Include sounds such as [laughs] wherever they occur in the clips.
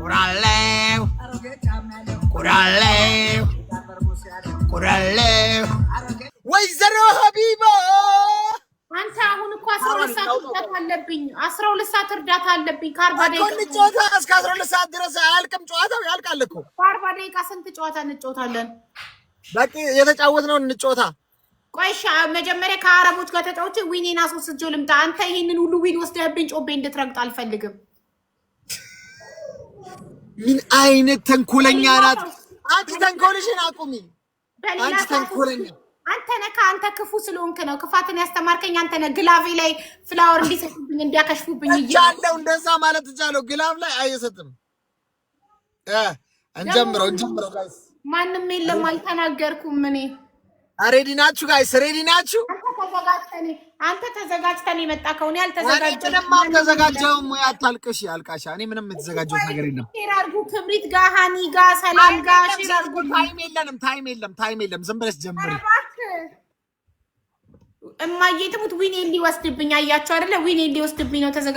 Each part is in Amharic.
ቁራሌው ቁራሌው ቁራሌው ወይዘሮ ሀቢባ አንተ አሁን እኮ አስራ ሁለት ሰዓት እርዳታ አለብኝ። አስራ ሁለት ሰዓት እርዳታ አለብኝ። ከአርባ ደቂቃ ጨዋታ እስከ አስራ ሁለት ሰዓት ድረስ አያልቅም። ጨዋታው ያልቃል እኮ ከአርባ ደቂቃ ስንት ጨዋታ እንጫወታለን? በቂ የተጫወትነውን እንጫወታ። ቆይ መጀመሪያ ከአረቦች ጋር ተጫውቼ ዊኔን አስወስጄው ልምጣ። አንተ ይህንን ሁሉ ዊን ወስደህብኝ ጮቤ እንድትረግጥ አልፈልግም። ምን አይነት ተንኮለኛ ናት! አንቺ ተንኮልሽን አቁሚ። አንቺ ተንኮለኛ አንተ ነህ። ከአንተ ክፉ ስለሆንክ ነው ክፋትን ያስተማርከኝ አንተ ነህ። ግላቬ ላይ ፍላወር እንዲሰጡብኝ እንዲያከሽፉብኝ እያለው እንደዛ ማለት እቻለሁ። ግላቭ ላይ አይሰጥም። እንጀምረው እንጀምረው። ማንም የለም። አልተናገርኩም እኔ። ሬዲ ናችሁ ጋይስ? ሬዲ ናችሁ? አንተ ተዘጋጅተን የመጣ ከሆነ ያልተዘጋጀንም አልተዘጋጀውም። ወይ አታልቅሽ አልቃሻ። እኔ ምንም የተዘጋጀው ነገር የለም። ክብሪት ጋ፣ ሀኒ ጋ፣ ሰላም ጋ ታይም የለንም፣ ታይም የለም፣ ታይም የለም። ዝም ብለሽ ጀምሪ። እማዬ ትሙት ዊኔ ሊወስድብኝ አያቸው አይደለ? ዊኔ ሊወስድብኝ ነው። ስንት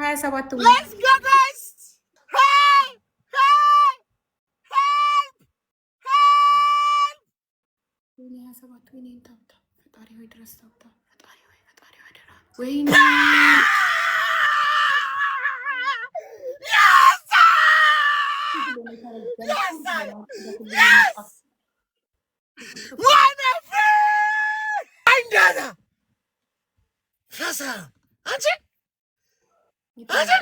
ሀያ ሰባት ወይኔ ሀያ ሰባት ወይኔን ታብታ ፈጣሪ ሆይ ድረስ ታብታ ፈጣሪ ሆይ ፈጣሪ ሆይ አደራ ወይኔ አንቺ አንቺ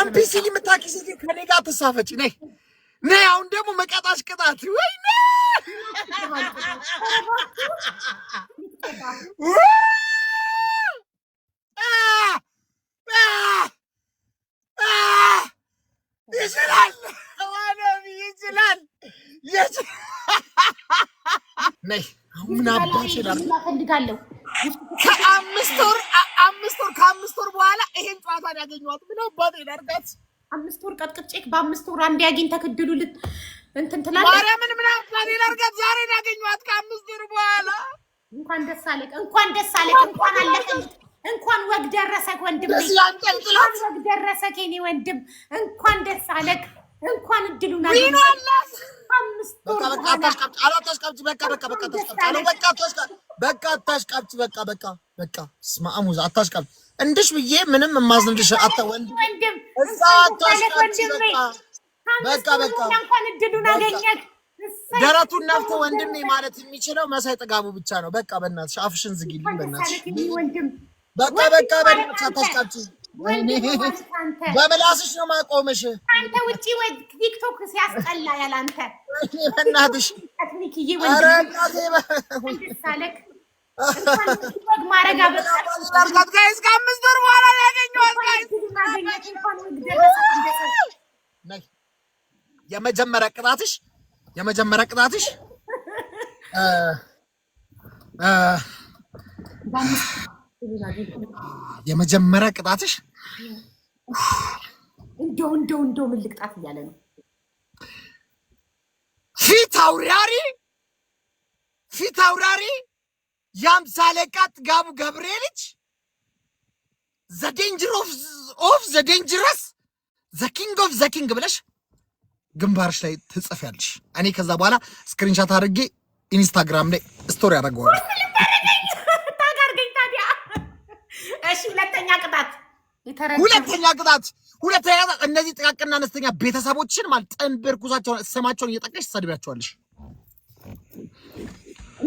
አምፒሲን የምታውቂ ሴት ከኔ ጋር ትሳፈጭ ነይ ነይ አሁን ደግሞ መቀጣሽ ቅጣት ወይ ይችላል ይችላል ነይ ምን አባችላፈልጋለሁ ከአምስት ወር ከአምስት ወር በኋላ ይሄን ጨዋታን ያገኘዋት ምን ባጤ ዳርጋት አምስት ወር ቀጥቅጬ በአምስት ወር አንድ ያገኝ ተክድሉ ልት እንትን ትላለህ። ማርያምን ምን አምሳሌ ላርጋት ዛሬ ያገኘኋት ከአምስት ወር በኋላ። እንኳን ደስ አለህ፣ እንኳን ደስ አለህ፣ እንኳን አለፈልት፣ እንኳን ወግ ደረሰህ ወንድም፣ እንኳን ወግ ደረሰህ የኔ ወንድም፣ እንኳን ደስ አለህ፣ እንኳን እድሉን አገኘህ። አምስት ወር በቃ በቃ በቃ በቃ በቃ በቃ በቃ በቃ በቃ በቃ በቃ በቃ አታሽቃብጭ እንድሽ ብዬ ምንም የማዝንልሽ አታ ወንድም በቃ በቃ ደረቱን ነፍተ ወንድሜ ማለት የሚችለው መሳይ ጥጋቡ ብቻ ነው። በቃ በእናትሽ አፍሽን ዝጊልኝ በእናትሽ። በቃ በቃ በቃ አታስቃጭ። በምላስሽ ነው ማቆምሽ። አንተ ውጪ ወይ ቲክቶክ ሲያስጠላ ያላንተ በእናትሽ። ኧረ ሳለክ የመጀመሪያ ቅጣትሽ የመጀመሪያ ቅጣትሽ የመጀመሪያ ቅጣትሽ እንደው እንደው እንደው ምን ልቅጣት እያለ ነው ፊት አውራሪ ፊት አውራሪ የአምሳ አለቃ ጥጋቡ ገብሬ ልጅ ኦፍ ዘዴንጅረስ ዘኪንግ ኦፍ ዘኪንግ ብለሽ ግንባርሽ ላይ ትጽፊያለሽ። እኔ ከዛ በኋላ ስክሪንሻት አድርጌ ኢንስታግራም ላይ ስቶሪ አደረገዋል። ሁለተኛ ቅጣት ሁለተኛ ቅጣት እነዚህ ጥቃቅንና አነስተኛ ቤተሰቦችን ማለት ጥንብ ኩሳቸውን ስማቸውን እየጠቀሽ ትሰድቢያቸዋለሽ።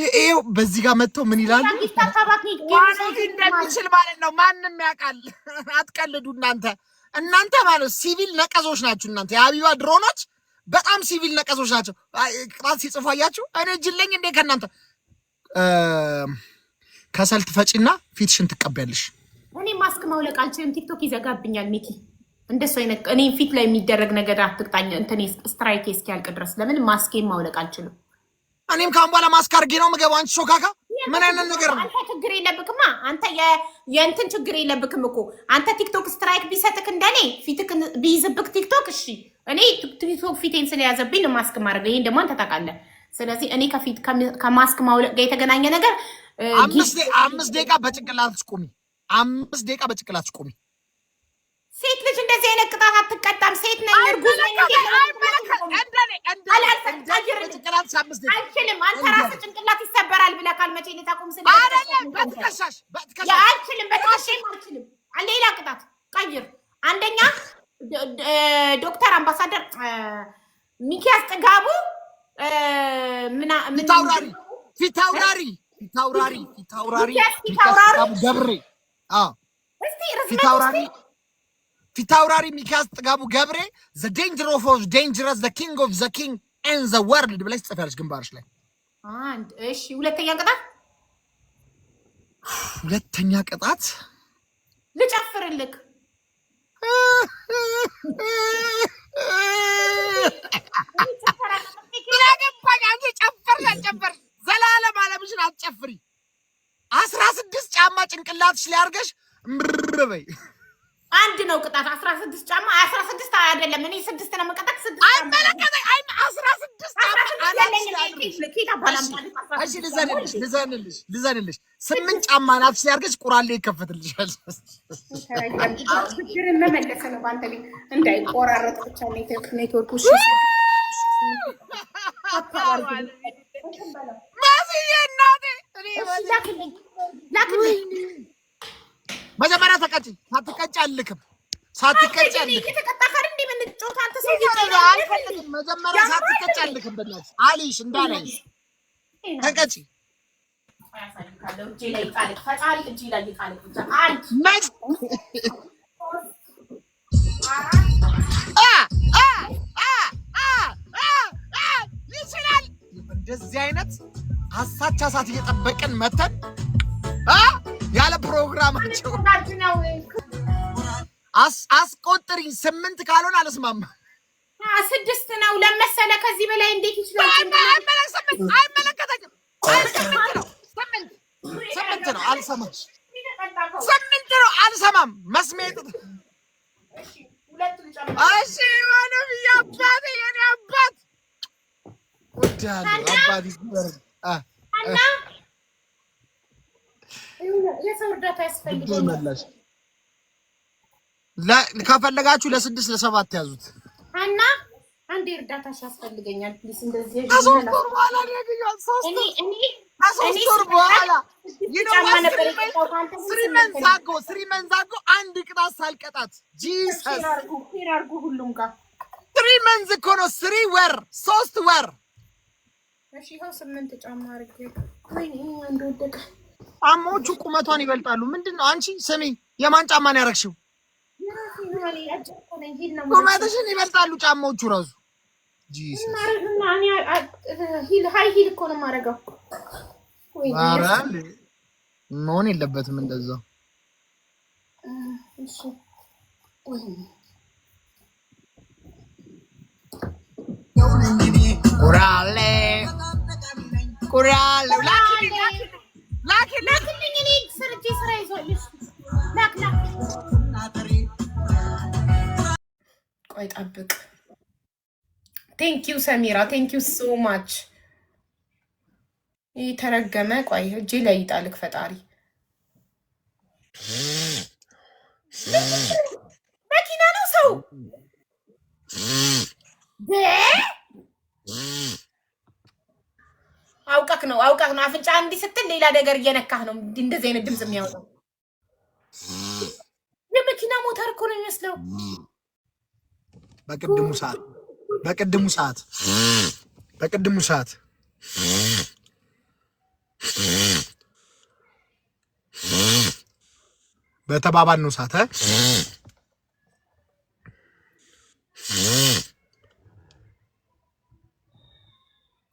ይሄው በዚህ ጋር መጥቶ ምን ይላል እንደሚችል ማለት ነው። ማንም ያውቃል። አትቀልዱ እናንተ እናንተ ማለት ሲቪል ነቀዞች ናችሁ። እናንተ የአቢባ ድሮኖች በጣም ሲቪል ነቀዞች ናቸው። ቅጣት ሲጽፉ አያችሁ። እኔ እጅለኝ እንዴ ከእናንተ ከሰል ትፈጪና ፊትሽን ትቀበያለሽ። እኔ ማስክ ማውለቅ አልችልም። ቲክቶክ ይዘጋብኛል። ሚኪ እንደሱ አይነት እኔ ፊት ላይ የሚደረግ ነገር አትቅጣኝ። እንትን ስትራይክ እስኪያልቅ ድረስ ለምን ማስኬን ማውለቅ አልችልም። እኔም ከአሁን በኋላ ማስክ አድርጌ ነው የምገባው። አንቺ ሾካካ ምን አይነት ነገር ነው? አንተ ችግር የለብክማ። አንተ የእንትን ችግር የለብክም እኮ አንተ ቲክቶክ ስትራይክ ቢሰጥክ እንደኔ ፊትክ ቢይዝብክ ቲክቶክ፣ እሺ እኔ ቲክቶክ ፊቴን ስለያዘብኝ ነው ማስክ ማድረግ። ይህን ደግሞ አንተ ታውቃለህ። ስለዚህ እኔ ከፊት ከማስክ ማውለቅ ጋር የተገናኘ ነገር አምስት ደቂቃ በጭንቅላት ቁሚ፣ አምስት ደቂቃ በጭንቅላት ቁሚ ሴት ልጅ እንደዚህ አይነት ቅጣት አትቀጣም። ሴት ነኝ እርጉዝ ነኝ አልችልም። አንተ ራስህ ጭንቅላት ይሰበራል ብለህ ካልመቼ ልታቆም ስለ አልችልም፣ በትከሻዬም አልችልም። ሌላ ቅጣት ቀይር። አንደኛ ዶክተር አምባሳደር ሚኪያስ ጥጋቡ ፊታውራሪ ፊታውራሪ ፊታውራሪ ገብሬ ፊታውራሪ ፊታውራሪ ሚኪያስ ጥጋቡ ገብሬ ዘ ዴንጀር ኦፍ ዴንጀረስ ዘ ኪንግ ኦፍ ዘ ኪንግ ኤን ዘ ወርልድ ብለሽ ትጽፊያለሽ ግንባርሽ ላይ። እሺ ሁለተኛ ቅጣት ሁለተኛ ቅጣት ልጨፍርልክ ጨፈር ዘላለም አለምሽን አትጨፍሪ። አስራ ስድስት ጫማ ጭንቅላትሽ ሊያርገሽ ምርር በይ አንድ ነው ቅጣት። አስራ ስድስት ጫማ አስራ ስድስት አይደለም። እኔ ስድስት ነው መቀጣት። አይ ልዘንልሽ፣ ስምንት ጫማ ናፍሽ ያርገሽ ቁራሌ ይከፈትልሻል። ችግር [laughs] መመለሰ ነው በአንተ ቤት እንዳይቆራረጥ ብቻ ኔትወርኩ መጀመሪያ ተቀጭኝ ሳትቀጭ አልክም። ሳትቀጭ አልክም። መጀመሪያ ሳትቀጭ አልክም። በእናትሽ አልይሽ እንዳላይሽ ተቀጭ ይችላል። እንደዚህ አይነት አሳቻ ሳት እየጠበቅን መተን ያለ ፕሮግራማቸው አስቆጥሪኝ። ስምንት ካልሆን አልስማማ። ስድስት ነው ለመሰለ ከዚህ በላይ እንዴት ይችላል? አይመለከተኝም። ስምንት ነው አልሰማም። ስምንት ነው አልሰማም። መስሜት እሺ፣ የሆነ ብዬሽ አባት የእኔ አባት ወዳለሁ አባት የሰው እርዳታ ከፈለጋችሁ ለስድስት ለሰባት ያዙት እና አንዴ እርዳታ ያስፈልገኛል። ፕሊስ እንደዚህ ከሶስት ወር በኋላ ከሶስት ወር በኋላ አንድ ቅጣት ሳልቀጣት ጂሰስ አርጉ ሁሉም ጋር ስሪ መንዝ እኮ ነው። ስሪ ወር ሶስት ወር እሺ፣ ይኸው ስምንት ጫማ ጫማዎቹ ቁመቷን ይበልጣሉ። ምንድን ነው አንቺ? ስሚ የማን ጫማ ነው ያደረግሽው? ቁመትሽን ይበልጣሉ ጫማዎቹ ራሱ። ሂል እኮ ነው ኧረ መሆን የለበትም እንደዛው። ቁራሌ ቁራሌ ቆይ ጠብቅ። ቴንኪው ሰሚራ፣ ቴንኪው ሶ ማች። የተረገመ ቆይ እጄ ላይ ይጣልክ ፈጣሪ። መኪና ነው ሰው አውቀክ ነው አውቀክ ነው። አፍንጫ እንዲህ ስትል ሌላ ነገር እየነካህ ነው እንደዚህ አይነት ድምፅ የሚያወጣው። የመኪና ሞተር እኮ ነው የሚመስለው። በቅድሙ ሰዓት በቅድሙ ሰዓት በቅድሙ ሰዓት ነው ሰዓት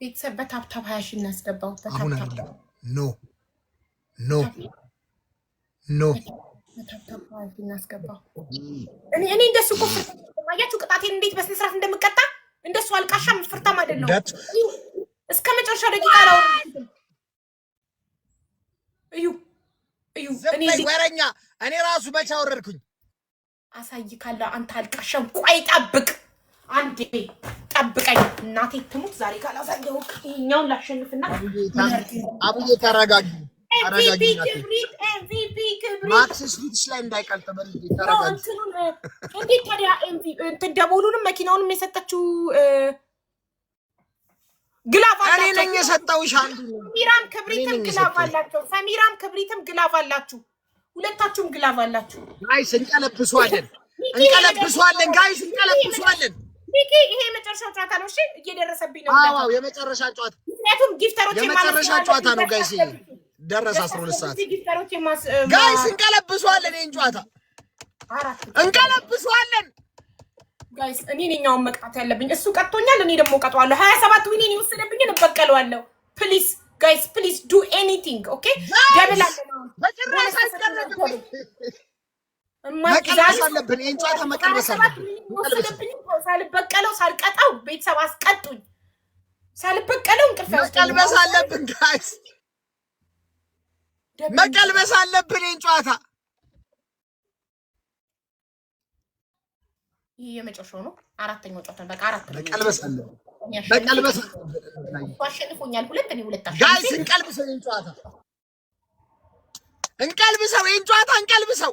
ቤተሰብ በታፕታፕ ሀያ ሺህ እናስገባው። አሁን አይደለም። ኖ ኖ ኖ እኔ እኔ እንደሱ እኮ አያችሁ ቅጣቴን እንዴት በስነ ስርዓት እንደምቀጣ። እንደሱ አልቃሻም ፍርታም አይደለም። እስከ መጨረሻው ደቂቃ ነው። እዩ እዩ፣ ወረኛ እኔ ራሱ መቼ አወረድኩኝ። አሳይ ካለ አንተ አልቃሻም። ቆይ ጠብቅ አንዴ ጠብቀኝ እናቴ ትሙት ዛሬ ካላሳየው ይኸኛውን ላሸንፍና አብዬ ተረጋጊ እንዴት ታዲያ እንትን ደቦሉንም መኪናውንም የሰጠችው ግላፍ እኔ ነኝ የሰጠሁሽ አንዱ ሰሚራም ክብሪትም ግላፍ አላቸው ሰሚራም ክብሪትም ግላፍ አላችሁ ሁለታችሁም ግላፍ አላችሁ ጋይስ እንቀለብሷለን እንቀለብሷለን ጋይስ እንቀለብሷለን ሚኪ ይሄ የመጨረሻ ጨዋታ ነው። እሺ እየደረሰብኝ ነው። አዎ የመጨረሻ ጨዋታ፣ ምክንያቱም ጊፍተሮች የመጨረሻ ጨዋታ ነው። ጋይስ ደረሰ። አስራ ሁለት ሰዓት ጋይስ እንቀለብሷለን። ይሄን ጨዋታ እንቀለብሷለን ጋይስ። እኔ ነኛውን መቅጣት ያለብኝ እሱ ቀጥቶኛል። እኔ ደግሞ ቀጠዋለሁ። ሀያ ሰባት ዊኔን የወሰደብኝን እበቀለዋለሁ። ፕሊዝ ጋይስ ፕሊዝ ዱ ኤኒቲንግ ኦኬ። ደብል በጭራሽ አይደረግም መቅረስ አለብን። የእንጨት መቅረስ አለብን። ሳልበቀለው ሳልቀጣው ቤተሰብ አስቀጡኝ። ሳልበቀለው እንቅልፍ መቀልበስ አለብን። ጋይስ መቀልበስ አለብን። ይህን ይህ የመጨረሻው ነው። አራተኛው ጨዋታ በቃ አራት መቀልበስ አለብን። መቀልበስ አሸንፎኛል። ሁለት እኔ ሁለት ጋይስ እንቀልብሰው ይህን እንቀልብሰው ይህን እንቀልብሰው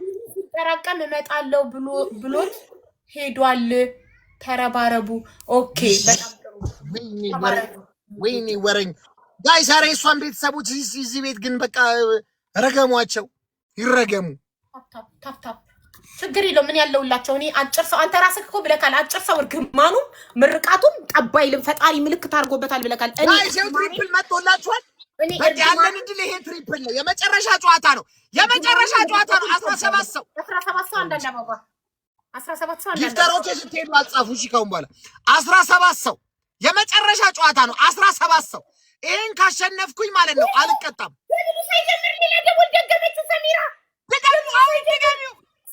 ሲጠራቀም እመጣለሁ ብሎት ሄዷል። ተረባረቡ። ኦኬ፣ በጣም ጥሩ። ወይኔ ወረኝ ጋይስ፣ ኧረ የእሷን ቤተሰቦች እዚህ ቤት ግን በቃ ረገሟቸው፣ ይረገሙ። ታፕታፕ ችግር የለው ምን ያለውላቸው። እኔ አጭር ሰው አንተ ራስህ እኮ ብለካል። አጭር ሰው እርግማኑም ምርቃቱም ጠባይልም ፈጣሪ ምልክት አድርጎበታል ብለካል። እኔ ትሪፕል መጥቶላችኋል። ያለን እድል ይሄ ትሪፕል ነው። የመጨረሻ ጨዋታ ነው። የመጨረሻ ጨዋታ ነው። አስራ ሰባት ሰው ጊፍተሮች ስትሄዱ አጻፉ። እሺ ከአሁን በኋላ አስራ ሰባት ሰው የመጨረሻ ጨዋታ ነው። አስራ ሰባት ሰው ይሄን ካሸነፍኩኝ ማለት ነው አልቀጣም።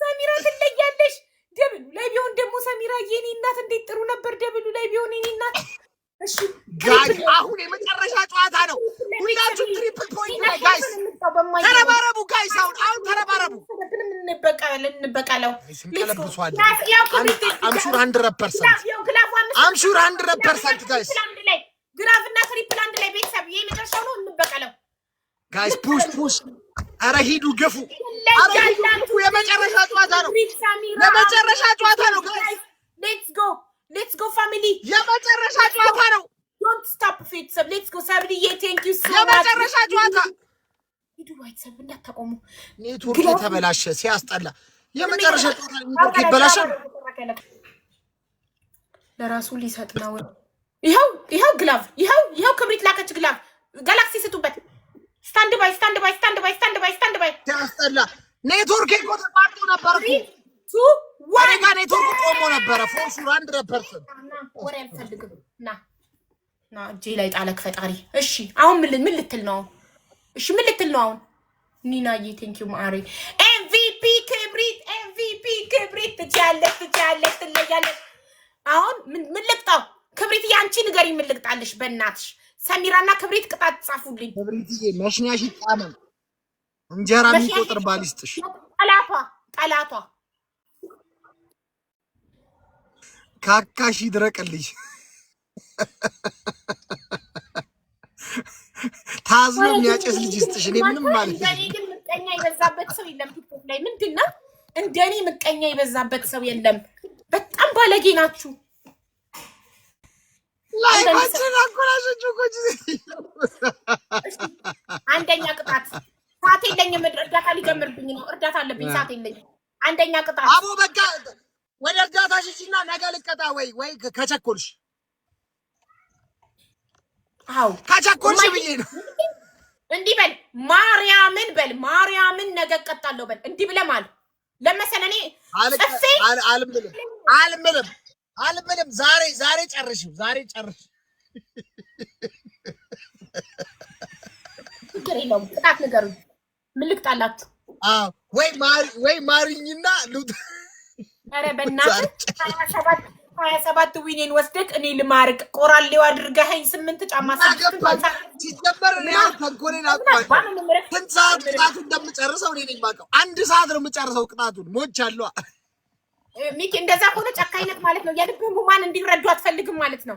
ሰሚራ ትለያለሽ። ደብሉ ላይ ቢሆን ደግሞ ሰሚራ የኔ እናት እንዴት ጥሩ ነበር። ደብሉ ላይ ቢሆን የኔ እናት ጋይ አሁን የመጨረሻ ጨዋታ ነው። ሁላችሁም ትሪፕል ፖይንት ላይ ጋይስ ተረባረቡ። ጋይስ አሁን አሁን ተረባረቡ። አምሹር ሀንድረድ ፐርሰንት አምሹር ሀንድረድ ፐርሰንት ጋይስ ግራፍ ትሪፕል አንድ ላይ ቤተሰብ ይሄ መጨረሻው ነው። እንበቀለው ጋይስ ፑሽ ፑሽ። አረ ሂዱ ግፉ። የመጨረሻ ጨዋታ ነው። የመጨረሻ ጨዋታ ነው ጋይስ ሌትስ ጎ ሌትስ ጎ ፋሚሊ፣ የመጨረሻ ጨዋታ ነው። ዶንት ስታፕ ቤተሰብ፣ ሌትስ ጎ ፋሚሊዬ። ቴንክ ዩ የመጨረሻ ጨዋታ ሂዱ ቤተሰብ፣ እንዳታቆሙ። ኔትወርክ የተበላሸ ሲያስጠላ። የመጨረሻ ጨዋታ ኔትወርክ ይበላሻል። ለራሱ ሊሰጥ ነው። ይኸው ይኸው ግላቭ፣ ይኸው ይኸው ክብሪት ላከች ግላቭ። ጋላክሲ ስጡበት። ስታንድ ባይ፣ ስታንድ ባይ፣ ስታንድ ባይ፣ ስታንድ ባይ፣ ስታንድ ባይ። ሲያስጠላ ኔትወርክ ወሬ ጋር ኔትወርክ ቆሞ ነበረ። ፎርሹር አንድ ረፐርሰን ወሬ አልፈልግም። ና ና እጄ ላይ ጣለክ ፈጣሪ። እሺ አሁን ምን ምን ልትል ነው? እሺ ምን ልትል ነው አሁን? ኒናዬ ቴንኪዩ ማሪ ኤምቪፒ ክብሪት፣ ኤምቪፒ ክብሪት። ትችያለሽ፣ ትችያለሽ፣ ትለያለሽ። አሁን ምን ልቅጣው? ክብሪት ያንቺ ንገሪ፣ ምን ልቅጣልሽ? በእናትሽ ሰሚራና ክብሪት ቅጣት ጻፉልኝ። ክብሪትዬ መሽኛሽ ይጣመም እንጀራ የሚቆጥር ባል ይስጥሽ። ጠላቷ ጠላቷ ካካሽ ይድረቅልሽ። ታዝኖ የሚያጨስ ልጅ ይስጥሽ። እኔ ምንም ማለት ግን ምቀኛ የበዛበት ሰው የለም። ቲክቶክ ላይ ምንድን ነው እንደኔ ምቀኛ የበዛበት ሰው የለም። በጣም ባለጌ ናችሁ። ላይችን አኮላሸች ኮች አንደኛ ቅጣት ሰዓት የለኝም። እርዳታ ሊጀምርብኝ ነው። እርዳታ አለብኝ። ሰዓት የለኝም። አንደኛ ቅጣት አቦ በቃ ወደ እርዳታሽ ሽሽና ነገ ልቀጣ ወይ ወይ ከቸኮልሽ አው ከቸኮልሽ ብዬ ነው። እንዲህ በል ማርያምን በል ማርያምን ነገ እቀጣለሁ በል እንዲህ ብለህ ማለት ለመሰለ እኔ ጽፌ አልምልም አልምልም አልምልም። ዛሬ ዛሬ ጨርሽ ዛሬ ጨርሽ ችግር የለውም። ቅጣት ንገሩኝ። ምን ልቅጣላችሁ? ወይ ማሪኝና ሉት ኧረ [laughs] በእናትህ ሀያ ሰባት ዊኔን ወስደህ እኔ ልማርቅ ቆራሌው አድርገኸኝ ስምንት ጫማ ሲጀመር ተንኮሌን አውቀዋለሁ። ስንት ሰዓት እንደምጨርሰው እኔ ነኝ የማውቀው። አንድ ሰዓት ነው የምጨርሰው ቅጣቱን። ሞች ሚኪ፣ እንደዛ ከሆነ ጨካኝነት ማለት ነው። የልብ ሁማን እንዲረዱ አትፈልግም ማለት ነው።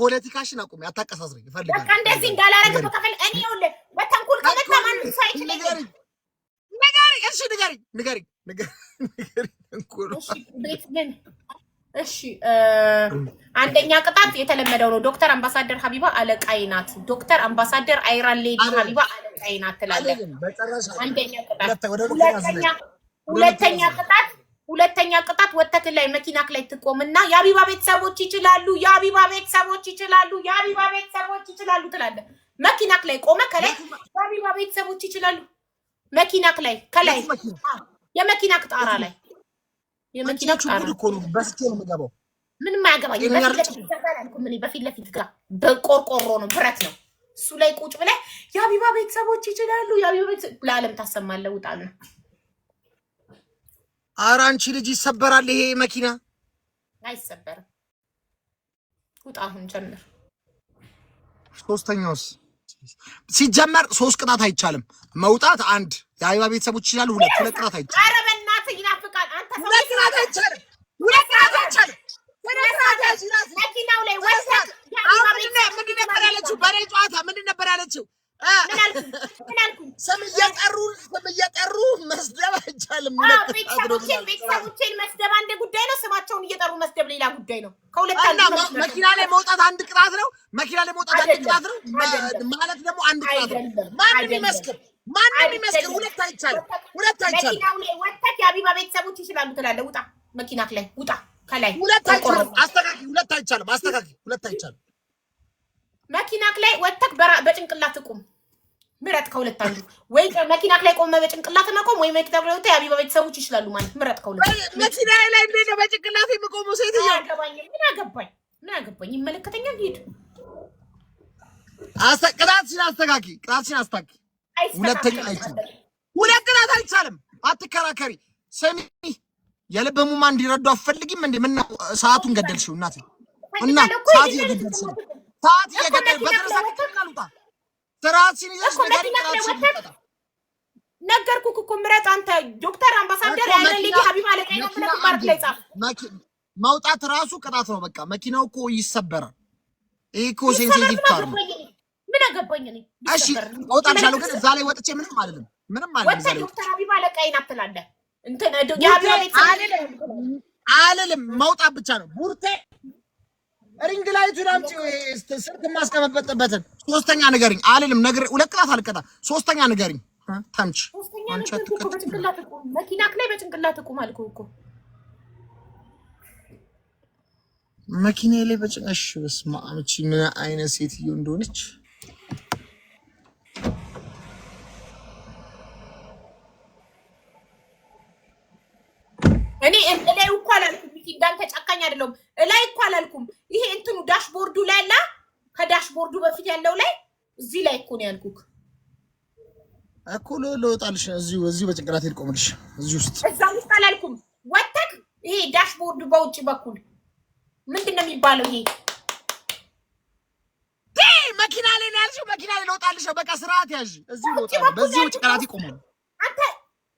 ፖለቲካሽን አቁሜ አታቀሳስረኝ እፈልጋለሁ። በቃ እንደዚህ እንዳላረግ በከፈል እኔ ይኸውልህ በተንኮል ከመጣ ማንም ሰው አይችለኝም። ንገሪኝ፣ ንገሪኝ፣ እሺ ንገሪኝ፣ ንገሪኝ እሺ ንገሪኝ ንገሪኝ እሺ አንደኛ ቅጣት የተለመደው ነው። ዶክተር አምባሳደር ሀቢባ አለቃይ ናት። ዶክተር አምባሳደር አይራን ሌዲ ሀቢባ አለቃይ ናት ትላለህ። አንደኛ ቅጣት። ሁለተኛ ቅጣት ሁለተኛ ቅጣት ወተት ላይ መኪናክ ላይ ትቆምና የሀቢባ ቤተሰቦች ይችላሉ፣ የሀቢባ ቤተሰቦች ይችላሉ፣ የሀቢባ ቤተሰቦች ይችላሉ ትላለህ። መኪናክ ላይ ቆመ ከላይ የሀቢባ ቤተሰቦች ይችላሉ። መኪናክ ላይ ከላይ የመኪና ቅጣራ ላይ የመኪና ቅጣራ በስቼ ነው የምገባው። ምንም አያገባኝ። በፊት ለፊት ጋር በቆርቆሮ ነው ብረት ነው እሱ ላይ ቁጭ ብለህ የአቢባ ቤተሰቦች ይችላሉ። የአቢባ ቤተሰብ ለዓለም ታሰማለህ። ውጣ ነው። ኧረ አንቺ ልጅ ይሰበራል ይሄ መኪና። አይሰበርም። ውጣ አሁን ጀምር። ሶስተኛውስ ሲጀመር ሶስት ቅጣት አይቻልም። መውጣት አንድ፣ የአይባ ቤተሰቦች ይችላሉ። ሁለት ሁለት ቅጣት አይቻልም። ሁለት ቅጣት አይቻልም። ሁለት ቅጣት አይቻልም። ምንድን ነበር ያለችው? በሬ ጨዋታ ምንድን ነበር ያለችው? ስም እየጠሩ ስም እየጠሩ መስደብ አይቻልም። ቤተሰቦቼን መስደብ አንድ ጉዳይ ነው። ስማቸውን እየጠሩ መስደብ ሌላ ጉዳይ ነው። ከሁለት መኪና ላይ መውጣት አንድ ቅጣት ነው። መኪና ላይ መውጣት አንድ ቅጣት ነው ማለት ደግሞ አንድ ቅጣት ነው። ማንም ይመስክር፣ ማንም ይመስክር። ሁለት አይቻልም፣ ሁለት አይቻልም። መኪናው የአቢባ ቤተሰቦች ይችላሉ ትላለህ። ውጣ፣ መኪናት ላይ ውጣ፣ ከላይ ሁለት አይቻልም። አስተካክል፣ ሁለት አይቻልም። አስተካክል፣ ሁለት አይቻልም መኪናክ ላይ ወጥተክ በጭንቅላት ቁም፣ ምረጥ። ከሁለት አንዱ ወይ መኪናክ ላይ ቆመ በጭንቅላት መቆም ወይ መኪና ላይ ወጥተህ የአቢባ ቤተሰቦች ይችላሉ ማለት ምረጥ። ከሁለት መኪና ላይ እንዴት በጭንቅላት የምቆመው? ሴትዮ ምን አገባኝ ምን አገባኝ? ይመለከተኛል። ሄድ ቅጣትሽን አስተካኪ፣ ቅጣትሽን አስተካኪ። ሁለተኛ አይችልም፣ ሁለት ቅጣት አይቻልም። አትከራከሪ። ስሚ፣ የልብ ህሙማን እንዲረዱ አትፈልጊም እንዴ? ምነው ሰዓቱን ገደልሽው? እናት እና ሰዓት እየገደልሽ ነው ሰዓት እየገደለ በትር ሰቀቀሉታ እኮ ምረጥ። አንተ ዶክተር አምባሳደር ያለ ልጅ ሀቢብ አለ መውጣት ራሱ ቅጣት ነው። በቃ መኪናው እኮ ይሰበራል። ይሄ እኮ ሴንሲቲቭ ካር ነው። ምን አገባኝ እኔ። እሺ መውጣት ቻለው፣ ግን እዛ ላይ ወጥቼ ምንም አይደለም፣ ምንም አይደለም። ወጥቼ ዶክተር ሀቢብ አለ ትላለህ እንትን ዶክተር አልልም፣ አልልም። መውጣት ብቻ ነው ቡርቴ ሪንግ ላይቱን አምጪ። ስልክ የማስቀመጥበትን ሶስተኛ ንገሪኝ አልልም። ነገር ሁለት ቅጣት አልቀጣ። ሶስተኛ ንገሪኝ። ታንቺ መኪናክ ላይ በጭንቅላት ቁም አልኩህ እኮ መኪና ላይ በጭንቅላት እሺ። በስመ አብ! ምን አይነት ሴትዮ እንደሆነች እኔ እላይ እኮ አላልኩም፣ እንዳንተ ጨካኝ አይደለሁም። እላይ እኮ አላልኩም። ይሄ እንትኑ ዳሽቦርዱ ላይ ላ ከዳሽቦርዱ በፊት ያለው ላይ እዚህ ላይ እኮ ነው ያልኩህ እኮ ለወጣልሽ እዚሁ እዚሁ በጭንቅላት ይልቆምልሽ እዚህ ውስጥ እዛ ውስጥ አላልኩም። ወተክ ይሄ ዳሽቦርዱ በውጭ በኩል ምንድን ነው የሚባለው? ይሄ መኪና ላይ ነው ያልሽው። መኪና ላይ ለወጣልሽ። በቃ ስርዓት ያዥ። እዚሁ ለወጣ በዚሁ ጭንቅላት ይቆማል። አንተ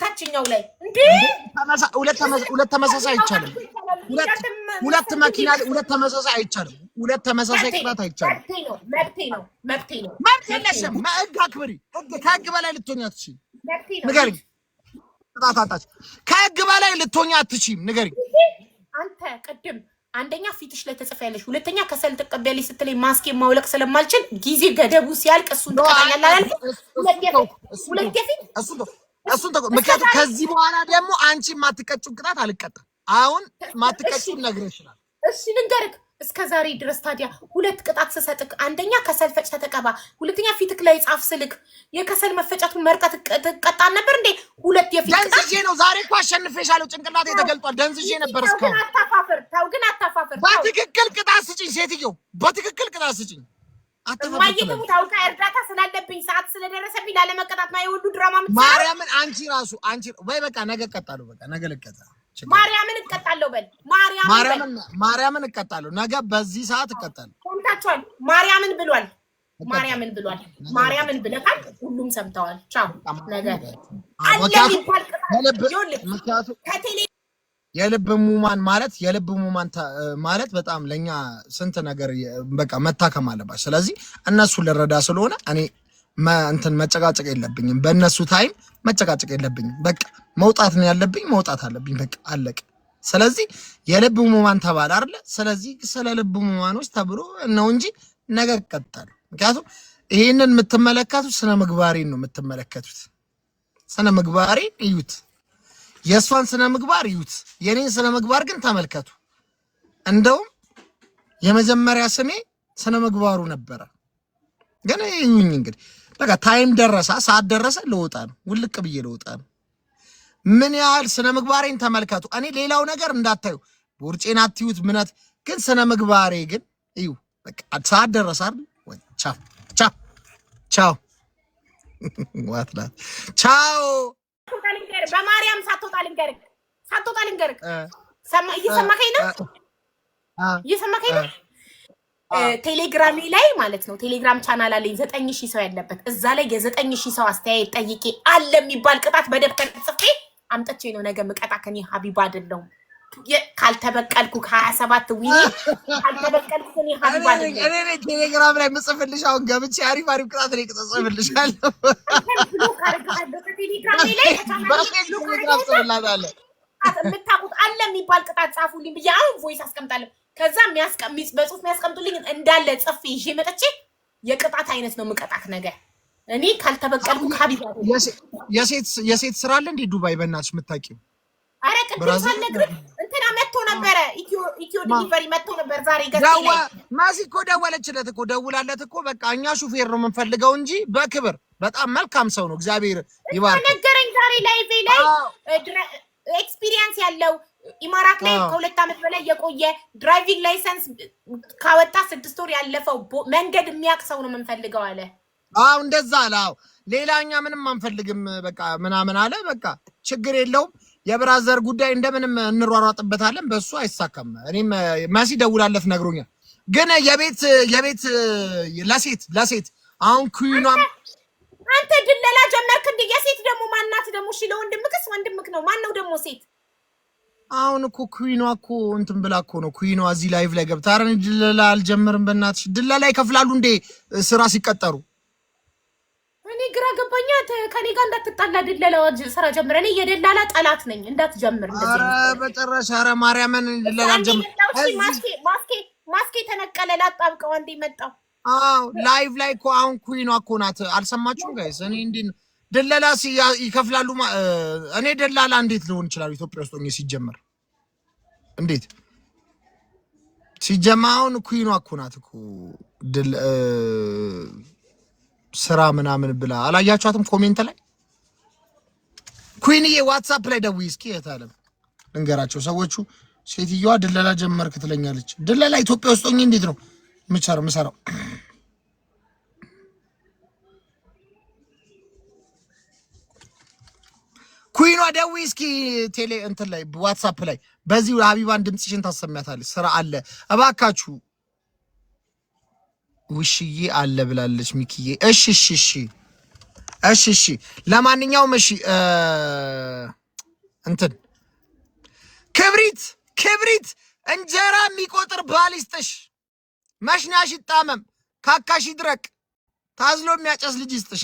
ታችኛው ላይ እንዴ ሁለት ተመሳሳይ አይቻልም። ሁለት መኪና ሁለት ተመሳሳይ አይቻልም። ሁለት ተመሳሳይ ቅጣት አይቻልም። መብቴ ነው መብቴ ነው መብቴ የለሽም። አክብሪ። ከህግ በላይ ልትሆኛ አትችይም። ንገሪኝ። ቅጣት አጣች። ከህግ በላይ አትችይም። ንገሪኝ። አንተ ቅድም አንደኛ ፊትሽ ላይ ሁለተኛ ከሰል ስትለኝ ማስኬ ማውለቅ ስለማልችል ጊዜ ገደቡ ሲያልቅ እሱን ሁለት የፊት እሱን ተቆ ምክንያቱም ከዚህ በኋላ ደግሞ አንቺ የማትቀጭው ቅጣት አልቀጣም። አሁን ማትቀጭው ነግር እሺ ልንገርህ፣ እስከ ዛሬ ድረስ ታዲያ ሁለት ቅጣት ስሰጥክ፣ አንደኛ ከሰል ፈጭተህ ተቀባ፣ ሁለተኛ ፊትክ ላይ ጻፍ ስልክ የከሰል መፈጨቱን መርጠህ ትቀጣን ነበር እንዴ? ሁለት የፊት ደንዝዤ ነው። ዛሬ እኮ አሸንፌሻለሁ። ጭንቅላቴ ተገልጧል። ደንዝዤ ነበር። እስካሁን ተው ግን አታፋፍር። በትክክል ቅጣት ስጭኝ ሴትዮ፣ በትክክል ቅጣት ስጭኝ። ማየትሙታውካ እርዳታ ስላለብኝ ሰዓት ስለደረሰብኝ ላለመቀጣት ነው። የወዱ ድራማ ማርያምን አንቺ ራሱ አንቺ ወይ በቃ ነገ እቀጣለሁ፣ በቃ ነገ ልቀጣ ማርያምን እቀጣለሁ፣ በል ማርያምን ማርያምን እቀጣለሁ፣ ነገ በዚህ ሰዓት እቀጣለሁ። ሰምታችኋል? ማርያምን ብሏል፣ ማርያምን ብሏል፣ ማርያምን ብለካል። ሁሉም ሰምተዋል። ቻው ነገ አለ ይባል። ምክንያቱም ከቴሌ የልብ ሙማን ማለት የልብ ሙማን ማለት በጣም ለእኛ ስንት ነገር በቃ መታከም አለባቸው። ስለዚህ እነሱ ልረዳ ስለሆነ እኔ እንትን መጨቃጨቅ የለብኝም፣ በእነሱ ታይም መጨቃጨቅ የለብኝም። በቃ መውጣት ነው ያለብኝ፣ መውጣት አለብኝ። በቃ አለቅ። ስለዚህ የልብ ሙማን ተባለ አለ። ስለዚህ ስለ ልብ ሙማኖች ተብሎ ነው እንጂ ነገር ቀጠሉ። ምክንያቱም ይህንን የምትመለከቱት ስነ ምግባሬን ነው የምትመለከቱት። ስነ ምግባሬን እዩት። የእሷን ስነ ምግባር ይዩት፣ የኔን ስነ ምግባር ግን ተመልከቱ። እንደውም የመጀመሪያ ስሜ ስነ ምግባሩ ነበረ። ግን ይሁኝ እንግዲህ በቃ ታይም ደረሰ፣ ሰዓት ደረሰ። ልወጣ ነው፣ ውልቅ ብዬ ልወጣ ነው። ምን ያህል ስነ ምግባሬን ተመልከቱ። እኔ ሌላው ነገር እንዳታዩ፣ ቦርጬን አትዩት፣ ምነት ግን ስነ ምግባሬ ግን እዩ። ሰዓት ደረሰ አይደል? ቻው ቻው ቻው፣ [laughs] ዋትላት ቻው በማርያም ሳትወጣ ልንገርህ፣ ሳትወጣ ልንገርህ። እየሰማከኝ ነው? እየሰማከኝ ነው? ቴሌግራሜ ላይ ማለት ነው። ቴሌግራም ቻናል አለኝ ዘጠኝ ሺህ ሰው ያለበት እዛ ላይ የዘጠኝ ሺህ ሰው አስተያየት ጠይቄ አለ የሚባል ቅጣት በደብተር ጽፌ አምጥቼ ነው ነገ ምቀጣ። ከኔ ሀቢባ አይደለሁም ካልተበቀልኩ ከሀያ ሰባት ዊ ካልተበቀልኩ ቴሌግራም ላይ ምጽፍልሽ አሁን ገብቼ አሪፍ አሪፍ ቅጣት ላይ ቅጽፍልሻለሁ። አለ የሚባል ቅጣት ጻፉልኝ ብዬ አሁን ቮይስ አስቀምጣለሁ። ከዛ በጽሁፍ የሚያስቀምጡልኝ እንዳለ ጽፌ ይዤ መጥቼ የቅጣት አይነት ነው የምቀጣት ነገር እኔ ካልተበቀልኩ ሀቢባ የሴት ስራ አለ እንዴ ዱባይ? በእናትሽ የምታውቂው ኧረ ቅድም ሳልነግርህ ነበረ ኢትዮ ዲሊቨሪ መጥቶ ነበር ዛሬ ገ ማሲ እኮ ደወለችለት እኮ ደውላለት እኮ በቃ እኛ ሹፌር ነው የምንፈልገው እንጂ በክብር በጣም መልካም ሰው ነው። እግዚአብሔር ይባርክ ነገረኝ። ዛሬ ላይ ላይ ኤክስፒሪየንስ ያለው ኢማራት ላይ ከሁለት ዓመት በላይ የቆየ ድራይቪንግ ላይሰንስ ካወጣ ስድስት ወር ያለፈው መንገድ የሚያውቅ ሰው ነው የምንፈልገው አለ። አዎ እንደዛ አለ። ሌላ እኛ ምንም አንፈልግም በቃ ምናምን አለ። በቃ ችግር የለውም የብራዘር ጉዳይ እንደምንም እንሯሯጥበታለን። በእሱ አይሳካም። እኔም መሲ ደውላለፍ ነግሮኛል። ግን የቤት የቤት ለሴት ለሴት አሁን ኩዩኗም አንተ ድለላ ጀመርክ እንዴ? የሴት ደግሞ ማናት ደግሞ? እሺ ለወንድምክስ ወንድምክ ነው ማን ነው ደግሞ ሴት? አሁን እኮ ኩዊኗ እኮ እንትን ብላ እኮ ነው ኩዊኗ እዚህ ላይቭ ላይ ገብታ ኧረ ድለላ አልጀምርም። በእናትሽ ድለላ ይከፍላሉ እንዴ ስራ ሲቀጠሩ እኔ ግራ ገባኛ። ከኔ ጋር እንዳትጣላ ድለላ ስራ ጀምረ። እኔ የደላላ ጠላት ነኝ፣ እንዳትጀምር። በጨረሻ ኧረ ማርያምን ድለላ ጀምር። ማስኬ ተነቀለ። ላጣብቀው አንዴ መጣው። አዎ ላይቭ ላይ እኮ አሁን ኩዊኗ እኮ ናት። አልሰማችሁም ጋይስ? እኔ እንዲ ደላላ ይከፍላሉ። እኔ ደላላ እንዴት ልሆን ይችላሉ? ኢትዮጵያ ውስጥ ሆኜ ሲጀመር እንዴት ሲጀማ አሁን ኩዊኗ እኮ ናት እኮ ስራ ምናምን ብላ አላያችኋትም? ኮሜንት ላይ ኩንዬ ዋትሳፕ ላይ ደውይ እስኪ የታለም ልንገራቸው ሰዎቹ። ሴትዮዋ ድለላ ጀመርክ ትለኛለች። ድለላ ኢትዮጵያ ውስጥ ሆኜ እንዴት ነው ምሰራው? ኩይኗ ደዊ እስኪ ቴሌ እንትን ላይ ዋትሳፕ ላይ በዚህ ሀቢባን ድምፅሽን ታሰሚያታለች። ስራ አለ እባካችሁ ውሽዬ አለ ብላለች ሚክዬ። እሺ እሺ እሺ እሺ እሺ። ለማንኛውም እሺ እንትን ክብሪት ክብሪት እንጀራ የሚቆጥር ባል ይስጥሽ። መሽናሽ ይጣመም፣ ካካሽ ይድረቅ፣ ታዝሎ የሚያጨስ ልጅ ይስጥሽ።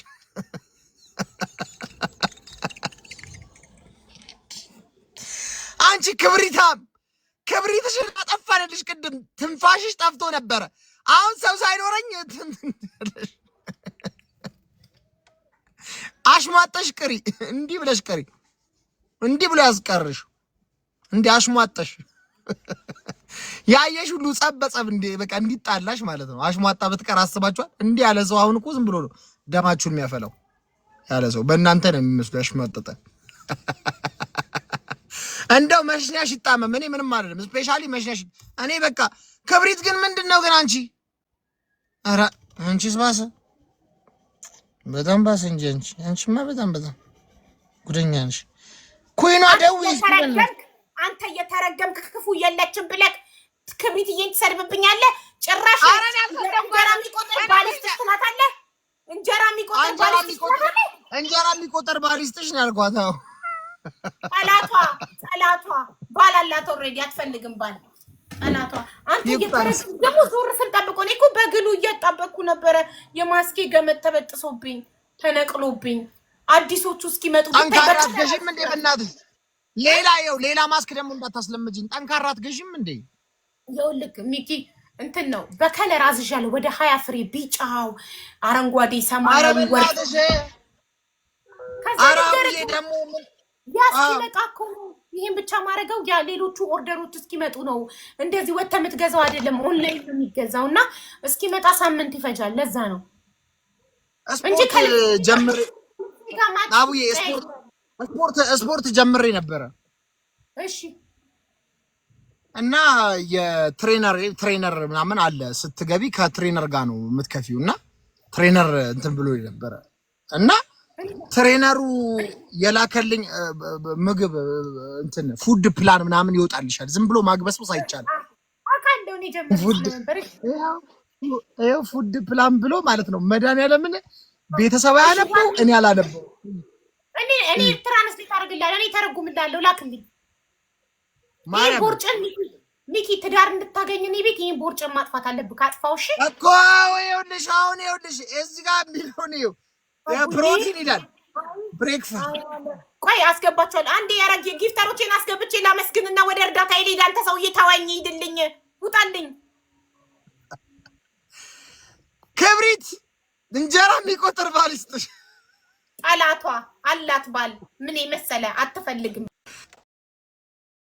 አንቺ ክብሪታም፣ ክብሪትሽን አጠፋንልሽ። ቅድም ትንፋሽሽ ጠፍቶ ነበረ። አሁን ሰው ሳይኖረኝ አሽሟጠሽ ቅሪ እንዲህ ብለሽ ቅሪ እንዲህ ብሎ ያስቀርሽ እንዲህ አሽሟጠሽ ያየሽ ሁሉ ጸብ በጸብ እንዲህ በቃ እንዲጣላሽ ማለት ነው። አሽሟጣ ብትቀር አስባችኋል። እንዲህ ያለ ሰው አሁን እኮ ዝም ብሎ ነው ደማችሁን የሚያፈላው ያለ ሰው በእናንተ ነው የሚመስሉ ያሽሟጠጠ እንደው መሽኛሽ ይጣመም። እኔ ምንም አይደለም። ስፔሻሊ መሽኛሽ እኔ በቃ ክብሪት ግን ምንድን ነው ግን አንቺ ኧረ አንቺስ ባሰ፣ በጣም ባሰ እንጂ አንቺ አንቺማ በጣም በጣም ጉደኛ ነሽ። ኩይኗ ደውዪ አንተ እየተረገምክ ክፉ የለችም ብለህ ክብሪትዬን ትሰድብብኛለህ። ጭራሽ እንጀራ የሚቆጠር ባሊስጥሽ ትላታለህ። እንጀራ የሚቆጠር ባሊስጥሽ እንጀራ የሚቆጠር ባሊስጥሽ ነው ያልኳት። ጠላቷ ጠላቷ ባል አላት ኦልሬዲ አትፈልግም ባል ጠላቷ አንተ ደግሞ ዞር ስል ጠብቆ እኔ እኮ በግሉ እያጣበቅኩ ነበረ። የማስኬ ገመድ ተበጥሶብኝ ተነቅሎብኝ አዲሶቹ እስኪመጡ ጠንካራ አትገዢም እንዴ? በእናትሽ ሌላ ይኸው ሌላ ማስክ ደግሞ እንዳታስለምጅኝ። ጠንካራ አትገዢም እንዴ? ይኸውልህ ሚኪ እንትን ነው በከለር አዝዣለሁ። ወደ ሀያ ፍሬ ቢጫው፣ አረንጓዴ፣ ሰማያዊ ወ ደግሞ ያስመጣ ነው ይህን ብቻ ማድረገው ያ ሌሎቹ ኦርደሮች እስኪመጡ ነው። እንደዚህ ወጥ የምትገዛው አይደለም፣ ኦንላይን ነው የሚገዛው እና እስኪመጣ ሳምንት ይፈጃል። ለዛ ነው እንጂ ጀምር ስፖርት ጀምሬ ነበረ። እሺ እና የትሬነር ትሬነር ምናምን አለ ስትገቢ ከትሬነር ጋር ነው የምትከፊው እና ትሬነር እንትን ብሎ ነበረ እና ትሬነሩ የላከልኝ ምግብ እንትን ፉድ ፕላን ምናምን ይወጣልሻል። ዝም ብሎ ማግበስበስ አይቻልም። ፉድ ፕላን ብሎ ማለት ነው። መድኃኒዓለምን ቤተሰብ ያነበው እኔ አላነበው። እኔ ትራንስሌት አደርግልሃለሁ፣ እኔ ተረጉምልሃለሁ። ላክልኝ ቦርጭን ሚኪ ትዳር እንድታገኝ እኔ ቤት ይህን ቦርጭን ማጥፋት አለብህ። ካጥፋው እሺ እኮ ይኸውልሽ፣ አሁን ይኸውልሽ እዚህ ጋር የሚለውን ይኸው ፕሮቲን ይላል። ብሬክፋስት ቆይ አስገባቸዋለሁ። አንዴ ያረግ ጊፍተሮቼን አስገብቼ ላመስግንና ወደ እርዳታ ይልሄድ። አንተ ሰውዬ ታዋኝ ሂድልኝ፣ ውጣልኝ። ክብሪት እንጀራ የሚቆጥር ባል ይስጥሽ። ጠላቷ አላት ባል ምን የመሰለ አትፈልግም።